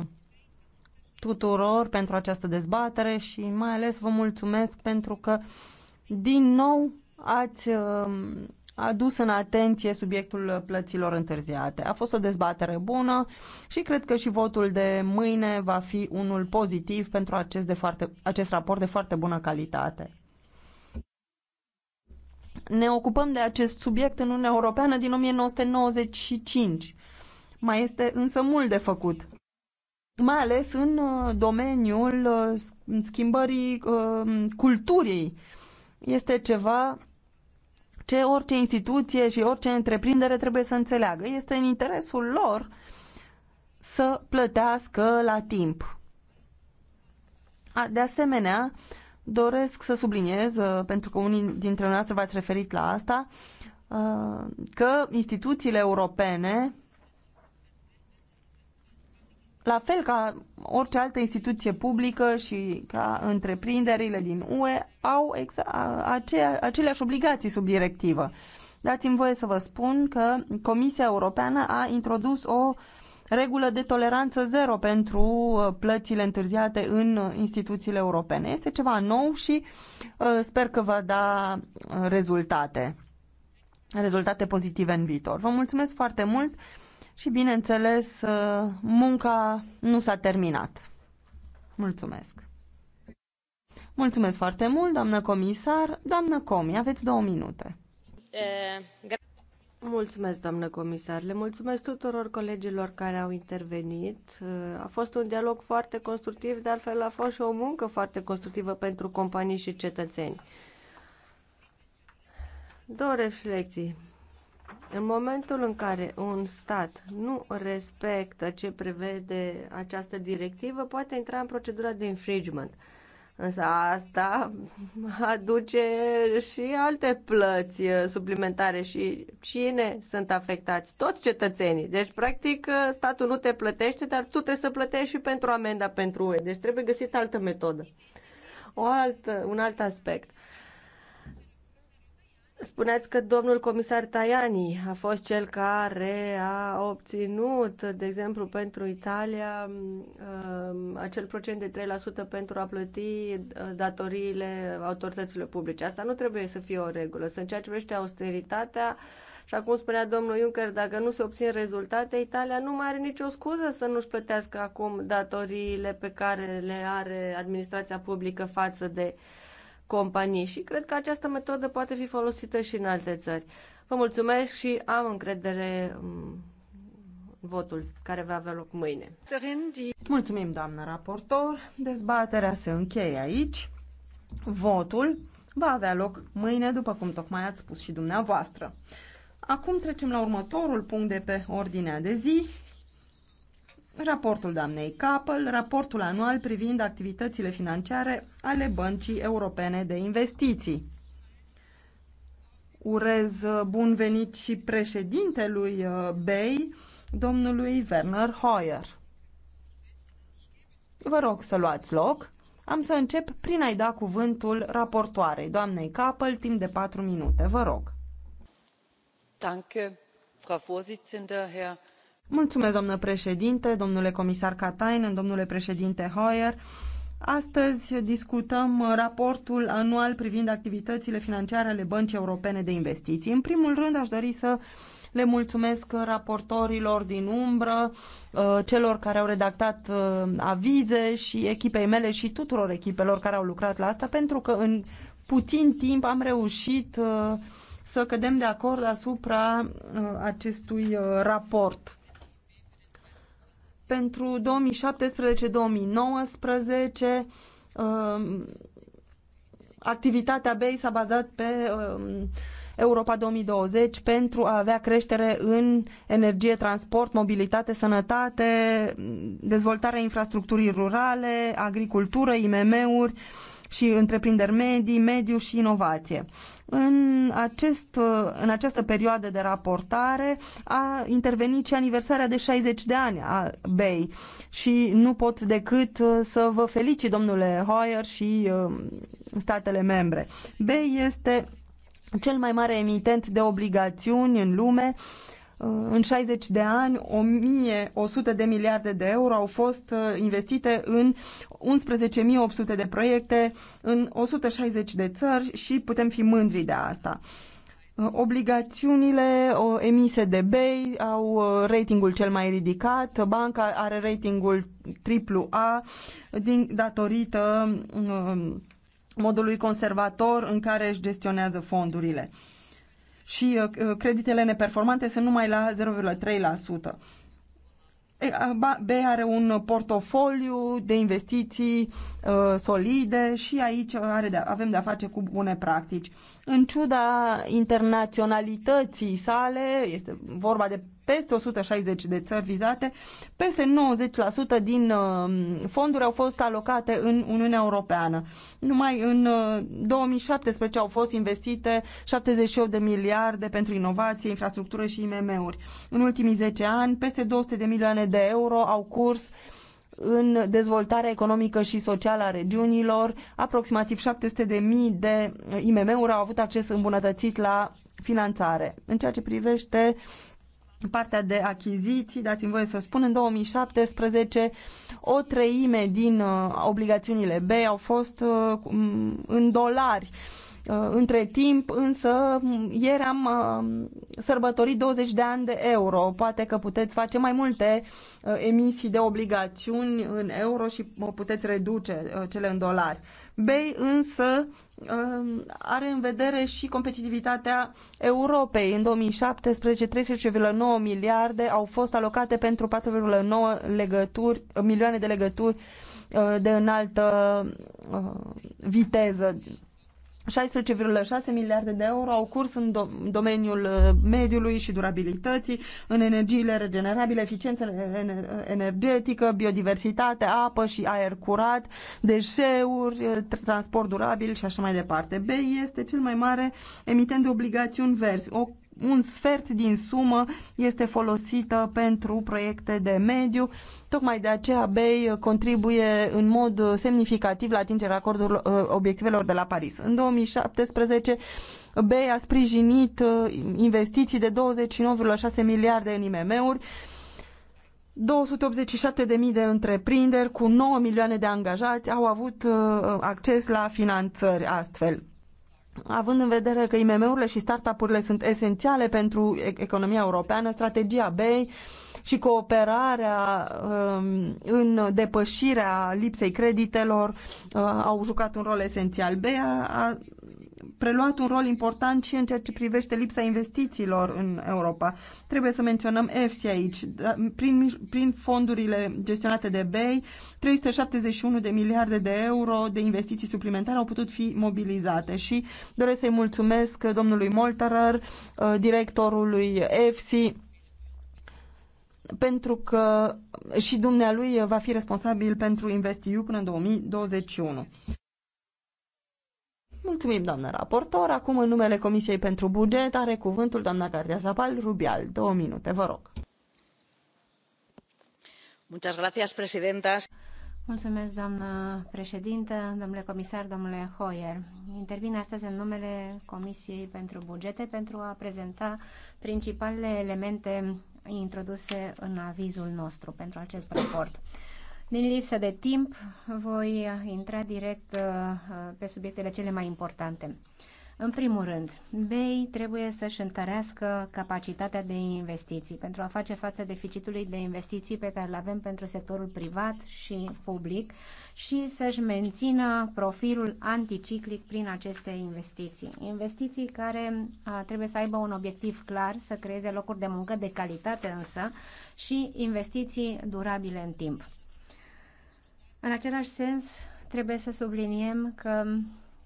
tuturor pentru această dezbatere și mai ales vă mulțumesc pentru că din nou ați uh, adus în atenție subiectul plăților întârziate. A fost o dezbatere bună și cred că și votul de mâine va fi unul pozitiv pentru acest, de foarte, acest raport de foarte bună calitate ne ocupăm de acest subiect în Uniunea Europeană din 1995. Mai este însă mult de făcut, mai ales în uh, domeniul uh, schimbării uh, culturii. Este ceva ce orice instituție și orice întreprindere trebuie să înțeleagă. Este în interesul lor să plătească la timp. De asemenea, Doresc să subliniez, uh, pentru că unii dintre noastre v-ați referit la asta, uh, că instituțiile europene, la fel ca orice altă instituție publică și ca întreprinderile din UE, au acea, aceleași obligații sub directivă. Dați-mi voie să vă spun că Comisia Europeană a introdus o uh, regulă de toleranță zero pentru uh, plățile întârziate în uh, instituțiile europene. Este ceva nou și uh, sper că va da rezultate, rezultate pozitive în viitor. Vă mulțumesc foarte mult și, bineînțeles, munca nu s-a terminat. Mulțumesc! Mulțumesc foarte mult, doamnă comisar. Doamnă Comi, aveți două minute. E... Eh, Mulțumesc, doamnă comisar. Le mulțumesc tuturor colegilor care au intervenit. A fost un dialog foarte constructiv, de altfel a fost și o muncă foarte constructivă pentru companii și cetățeni. Două reflexii. În momentul în care un stat nu respectă ce prevede această directivă, poate intra în procedura de infringement – Însă asta aduce și alte plăți suplimentare și cine sunt afectați? Toți cetățenii. Deci, practic, statul nu te plătește, dar tu trebuie să plătești și pentru amenda pentru UE. Deci trebuie găsit altă metodă. O altă, un alt aspect. Uh, Spuneați că domnul comisar Tajani a fost cel care a obținut, de exemplu, pentru Italia, um, acel procent de 3% pentru a plăti uh, datoriile autorităților publice. Asta nu trebuie să fie o regulă. Să ceea ce privește austeritatea, și acum spunea domnul Juncker, dacă nu se obțin rezultate, Italia nu mai are nicio scuză să nu-și plătească acum datoriile pe care le are administrația publică față de uh, companii și cred că această metodă poate fi folosită și în alte țări. Vă mulțumesc și am încredere în votul care va avea loc mâine. Mulțumim, doamnă raportor. Dezbaterea se încheie aici. Votul va avea loc mâine, după cum tocmai ați spus și dumneavoastră. Acum trecem la următorul punct de pe ordinea de zi, raportul doamnei Capel, raportul anual privind activitățile financiare ale Băncii Europene de Investiții. Urez uh, bun venit și președintelui uh, BEI, domnului Werner Hoyer. Vă rog să luați loc. Am să încep prin a-i da cuvântul raportoarei, doamnei Capel, timp de patru minute. Vă rog. Danke, Frau Vorsitzende, Herr Mulțumesc, doamnă președinte, domnule comisar Katainen, domnule președinte Hoyer. Astăzi discutăm raportul anual privind activitățile financiare ale Băncii Europene de Investiții. În primul rând, aș dori să le mulțumesc raportorilor din umbră, uh, celor care au redactat uh, avize și echipei mele și tuturor echipelor care au lucrat la asta, pentru că în puțin timp am reușit uh, să cădem de acord asupra acestui raport. Pentru 2017-2019, um, activitatea BEI s-a bazat pe um, Europa 2020 pentru a avea creștere în energie, transport, mobilitate, sănătate, dezvoltarea infrastructurii rurale, agricultură, IMM-uri, și întreprinderi medii, mediu și inovație. În, acest, în această perioadă de raportare a intervenit și aniversarea de 60 de ani a BEI și nu pot decât uh, să vă felicit, domnule Hoyer și um, statele membre. BEI este cel mai mare emitent de obligațiuni în lume în 60 de ani, 1100 de miliarde de euro au fost uh, investite în 11.800 de proiecte în 160 de țări și putem fi mândri de asta. Uh, obligațiunile emise de BEI au uh, ratingul cel mai ridicat, banca are ratingul AAA din, datorită um, modului conservator în care își gestionează fondurile și uh, uh, creditele neperformante sunt numai la 0,3%. B are un portofoliu de investiții uh, solide și aici are avem de-a face cu bune practici. În ciuda internaționalității sale, este vorba de peste 160 de țări vizate, peste 90% din uh, fonduri au fost alocate în Uniunea Europeană. Numai în 2017 uh, au fost investite 78 de miliarde pentru inovație, infrastructură și IMM-uri. În ultimii 10 ani, peste 200 de milioane de euro au curs uh, în dezvoltarea economică și socială a regiunilor. Aproximativ 700 de mii de IMM-uri au avut acces îmbunătățit la finanțare. În ceea ce privește partea de achiziții, dați-mi voie să spun, în 2017 o treime din uh, obligațiunile B au fost uh, în dolari Uh, între timp, însă, ieri am uh, sărbătorit 20 de ani de euro. Poate că puteți face mai multe uh, emisii de obligațiuni în euro și puteți reduce cele în dolari. Bei însă are în vedere și competitivitatea Europei. În 2017, 13,9 miliarde au fost alocate pentru 4,9 legături, milioane de legături de înaltă viteză 16,6 miliarde de euro au curs în domeniul uh, mediului și durabilității, în energiile regenerabile, eficiență energetică, biodiversitate, apă și aer curat, deșeuri, uh, transport durabil și așa mai departe. B este cel mai mare emitent de obligațiuni verzi. O un sfert din sumă este folosită pentru proiecte de mediu Tocmai de aceea BEI contribuie în mod semnificativ la atingerea acordurilor, uh, obiectivelor de la Paris. În 2017 BEI a sprijinit uh, investiții de 29,6 miliarde în IMM-uri, 287.000 de întreprinderi cu 9 milioane de angajați au avut uh, acces la finanțări astfel. Având în vedere că IMM-urile și startup-urile sunt esențiale pentru economia europeană, strategia BEI și cooperarea um, în depășirea lipsei creditelor uh, au jucat un rol esențial. BEA a preluat un rol important și în ceea ce privește lipsa investițiilor în Europa. Trebuie să menționăm EFSI aici. Da, prin, prin fondurile gestionate de BEI, 371 de miliarde de euro de investiții suplimentare au putut fi mobilizate și doresc să-i mulțumesc domnului Molterer, uh, directorului EFSI, pentru că și dumnealui va fi responsabil pentru InvestEU până în 2021. Mulțumim, doamnă raportor. Acum, în numele Comisiei pentru Buget, are cuvântul doamna Gardia Zapal Rubial. Două minute, vă rog. Muchas gracias, presidenta. Mulțumesc, doamnă președintă, domnule comisar, domnule Hoyer. Intervin astăzi în numele Comisiei pentru Bugete pentru a prezenta principalele elemente introduse în avizul nostru pentru acest raport. Din lipsă de timp, voi intra direct uh, pe subiectele cele mai importante. În primul rând, BEI trebuie să-și întărească capacitatea de investiții pentru a face față deficitului de investiții pe care îl avem pentru sectorul privat și public și să-și mențină profilul anticiclic prin aceste investiții. Investiții care a, trebuie să aibă un obiectiv clar, să creeze locuri de muncă de calitate însă și investiții durabile în timp. În același sens, trebuie să subliniem că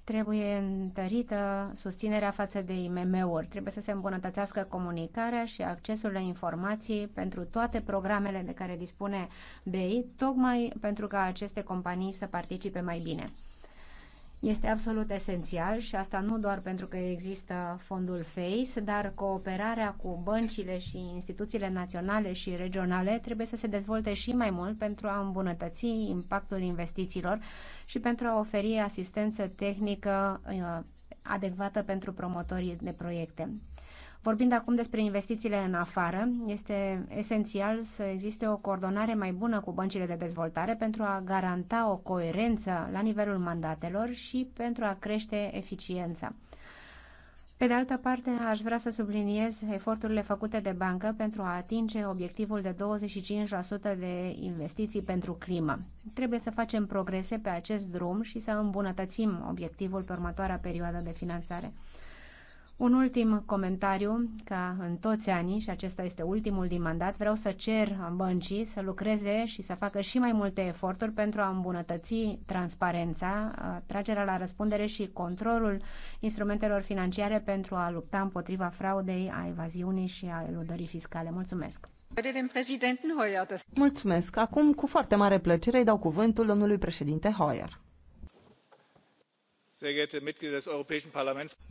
Trebuie întărită susținerea față de IMM-uri, trebuie să se îmbunătățească comunicarea și accesul la informații pentru toate programele de care dispune BEI, tocmai pentru ca aceste companii să participe mai bine. Este absolut esențial și asta nu doar pentru că există fondul FACE, dar cooperarea cu băncile și instituțiile naționale și regionale trebuie să se dezvolte și mai mult pentru a îmbunătăți impactul investițiilor și pentru a oferi asistență tehnică uh, adecvată pentru promotorii de proiecte. Vorbind acum despre investițiile în afară, este esențial să existe o coordonare mai bună cu băncile de dezvoltare pentru a garanta o coerență la nivelul mandatelor și pentru a crește eficiența. Pe de altă parte, aș vrea să subliniez eforturile făcute de bancă pentru a atinge obiectivul de 25% de investiții pentru climă. Trebuie să facem progrese pe acest drum și să îmbunătățim obiectivul pe următoarea perioadă de finanțare. Un ultim comentariu, ca în toți anii, și acesta este ultimul din mandat, vreau să cer băncii să lucreze și să facă și mai multe eforturi pentru a îmbunătăți transparența, tragerea la răspundere și controlul instrumentelor financiare pentru a lupta împotriva fraudei, a evaziunii și a eludării fiscale. Mulțumesc! Mulțumesc! Acum, cu foarte mare plăcere, îi dau cuvântul domnului președinte Hoyer.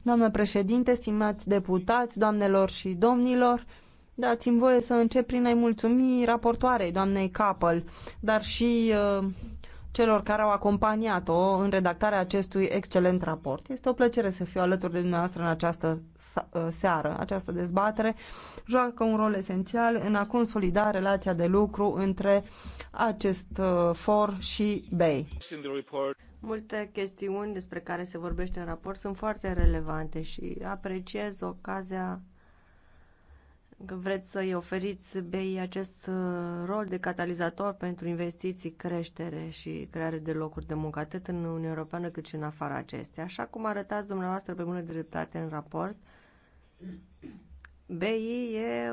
Doamnă președinte, stimați deputați, doamnelor și domnilor, dați-mi voie să încep prin a-i mulțumi raportoarei, doamnei Capăl, dar și uh, celor care au acompaniat-o în redactarea acestui excelent raport. Este o plăcere să fiu alături de dumneavoastră în această uh, seară. Această dezbatere joacă un rol esențial în a consolida relația de lucru între acest uh, for și BEI. Multe chestiuni despre care se vorbește în raport sunt foarte relevante și apreciez ocazia că vreți să-i oferiți BI acest uh, rol de catalizator pentru investiții, creștere și creare de locuri de muncă, atât în Uniunea Europeană cât și în afara acesteia. Așa cum arătați dumneavoastră pe bună dreptate în raport, BI e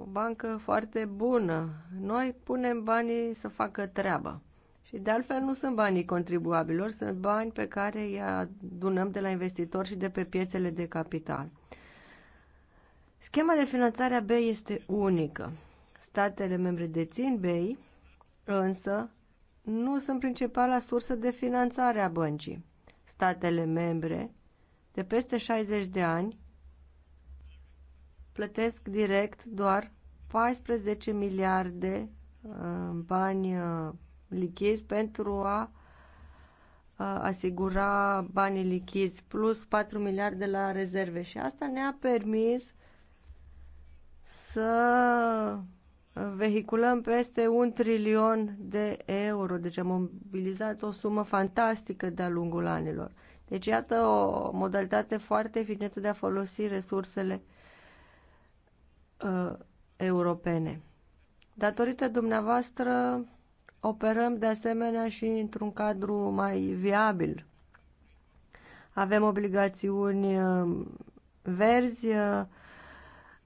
o bancă foarte bună. Noi punem banii să facă treaba. Și de altfel nu sunt banii contribuabilor, sunt bani pe care îi adunăm de la investitori și de pe piețele de capital. Schema de finanțare a BEI este unică. Statele membre dețin BEI, însă nu sunt principala sursă de finanțare a băncii. Statele membre de peste 60 de ani plătesc direct doar 14 miliarde uh, bani uh, lichizi pentru a asigura banii lichizi, plus 4 miliarde la rezerve. Și asta ne-a permis să vehiculăm peste un trilion de euro. Deci am mobilizat o sumă fantastică de-a lungul anilor. Deci iată o modalitate foarte eficientă de a folosi resursele uh, europene. Datorită dumneavoastră Operăm de asemenea și într-un cadru mai viabil. Avem obligațiuni uh, verzi, uh,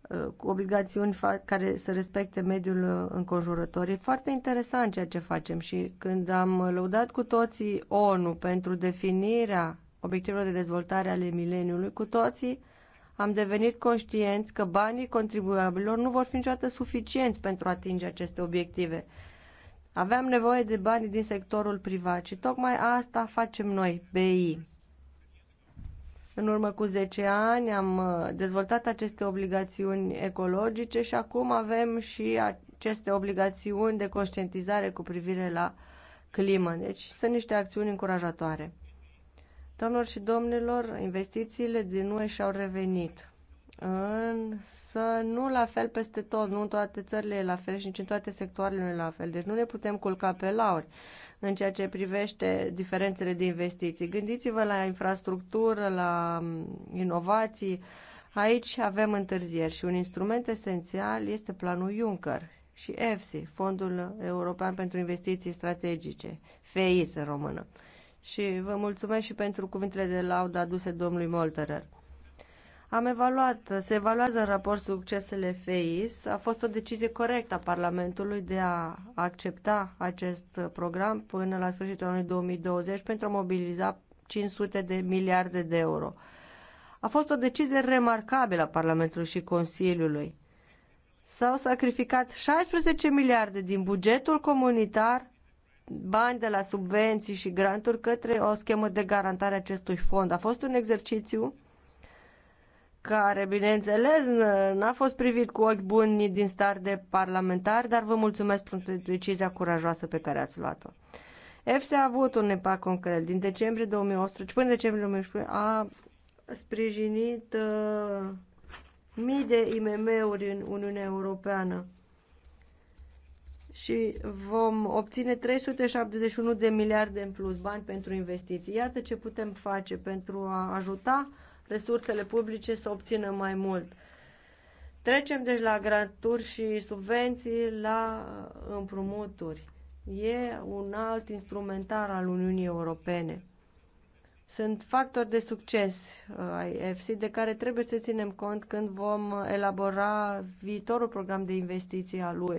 uh, cu obligațiuni care să respecte mediul înconjurător. E foarte interesant ceea ce facem și când am lăudat cu toții ONU pentru definirea obiectivelor de dezvoltare ale mileniului, cu toții am devenit conștienți că banii contribuabililor nu vor fi niciodată suficienți pentru a atinge aceste obiective. Aveam nevoie de bani din sectorul privat și tocmai asta facem noi, BI. În urmă cu 10 ani am uh, dezvoltat aceste obligațiuni ecologice și acum avem și aceste obligațiuni de conștientizare cu privire la climă. Deci sunt niște acțiuni încurajatoare. Domnilor și domnilor, investițiile din noi și-au revenit însă nu la fel peste tot, nu în toate țările e la fel și nici în toate sectoarele nu e la fel. Deci nu ne putem culca pe lauri în ceea ce privește diferențele de investiții. Gândiți-vă la infrastructură, la mm, inovații. Aici avem întârzieri și un instrument esențial este planul Juncker și EFSI, Fondul European pentru Investiții Strategice, FEIS în română. Și vă mulțumesc și pentru cuvintele de laudă aduse domnului Molterer. Am evaluat, se evaluează în raport succesele FEIS. A fost o decizie corectă a Parlamentului de a accepta acest program până la sfârșitul anului 2020 pentru a mobiliza 500 de miliarde de euro. A fost o decizie remarcabilă a Parlamentului și Consiliului. S-au sacrificat 16 miliarde din bugetul comunitar, bani de la subvenții și granturi către o schemă de garantare a acestui fond. A fost un exercițiu care, bineînțeles, n-a fost privit cu ochi buni din star de parlamentar, dar vă mulțumesc pentru decizia curajoasă pe care ați luat-o. EFSE a avut un impact concret. Din decembrie 2018 până decembrie 2018 a sprijinit uh, mii de IMM-uri în Uniunea Europeană și vom obține 371 de miliarde în plus bani pentru investiții. Iată ce putem face pentru a ajuta resursele publice să obțină mai mult. Trecem deci la granturi și subvenții, la împrumuturi. E un alt instrumentar al Uniunii Europene. Sunt factori de succes uh, ai EFSI de care trebuie să ținem cont când vom elabora viitorul program de investiții al UE și